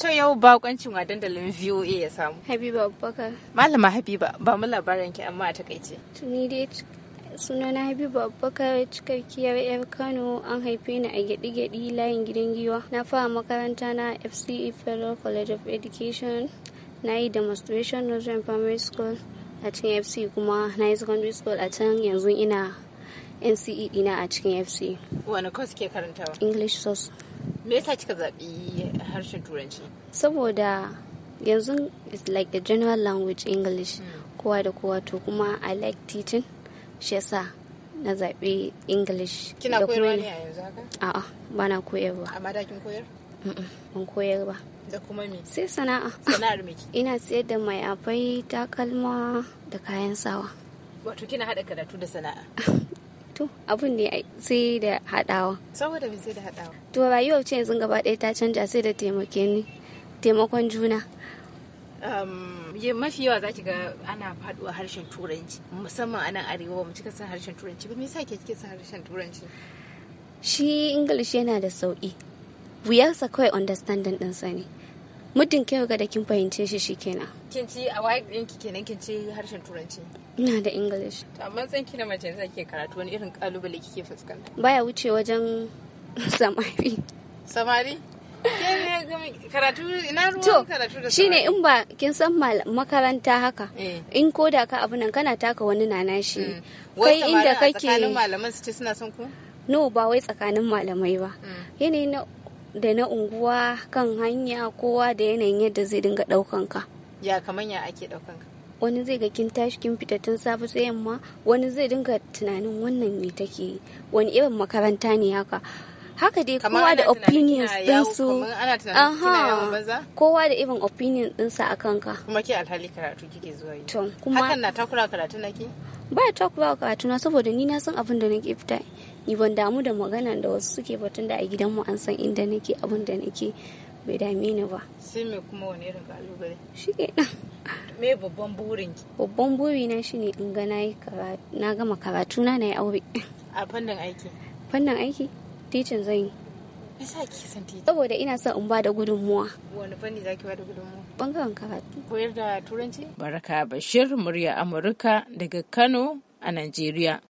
To yau bakoncin wa dandalin VOA ya samu. Habiba Abubakar. Malama Habiba ba mu labarin ki amma a takaice. Tuni dai sunana Habiba Abubakar cikakkiyar yar Kano an haife ni a gyaɗi-gyaɗi layin gidan giwa. Na fara makaranta na FCE Federal College of Education. Na yi demonstration Northern Primary School a cikin FC e kuma na yi secondary school a can yanzu ina NCE dina a cikin FC. E. Wani course ke karantawa? English source. me yasa kika zaɓi harshen turanci saboda yanzu is like the general language english hmm. kowa da kowa to kuma i like teaching shi yasa na zaɓi english kina koyarwa ne a yanzu haka a'a ba na koyarwa amma da kin koyar ban koyar ba da kuma me sai sana'a sana'ar me ina sayar da mai afai takalma da kayan sawa wato kina hada karatu da sana'a to abin ne sai da haɗawa saboda me sai da haɗawa to rayuwar ce yanzu gaba ɗaya ta canja sai da taimake ni taimakon juna um, mafi yawa za ki ga ana faɗuwa harshen turanci musamman a nan arewa mu cika san harshen turanci ba me yasa ke kike san harshen turanci shi english yana da sauki wuyarsa kawai understanding ɗinsa ne muddin kyau ga da kin fahimce shi shikenan kin ci a waye ɗinki kenan kin ci harshen turanci ina da english to amma san kina mace yanzu ke karatu wani irin kalubale kike fuskanta baya wuce wajen samari samari karatu ina ruwan karatu da shine in ba kin san makaranta haka eh. in koda ka abu nan kana taka wani nana shi hmm. kai inda kake tsakanin malaman su ce suna son ku no ba wai tsakanin malamai ba hmm. yanayi na da na unguwa kan hanya kowa da yanayin yadda zai dinga daukan ka ya kamar ya ake daukan ka wani zai ga kin tashi kin fita tun safe sai yamma wani zai dinga tunanin wannan me take wani irin makaranta ne haka haka dai kowa da opinions ɗinsu kowa da irin opinion ɗinsa a kanka kuma ke alhali karatu kike zuwa yi to kuma hakan na takura karatu nake ba ya takura karatu na saboda ni na san abin da nake fita ni ban damu da magana da wasu suke batun da a gidan mu an san inda nake abin da nake bai dame ni ba sai me kuma wani irin kalubale shi kenan me babban burin ki. babban buri na shine in ga na gama karatu na na yi aure a fannin aiki fannin aiki titin zan yi yasa ki son titi. saboda ina son in ba da gudunmuwa wani fanni ki ba da gudunmuwa bangaren karatu koyar da turanci baraka bashir murya amurka daga kano a najeriya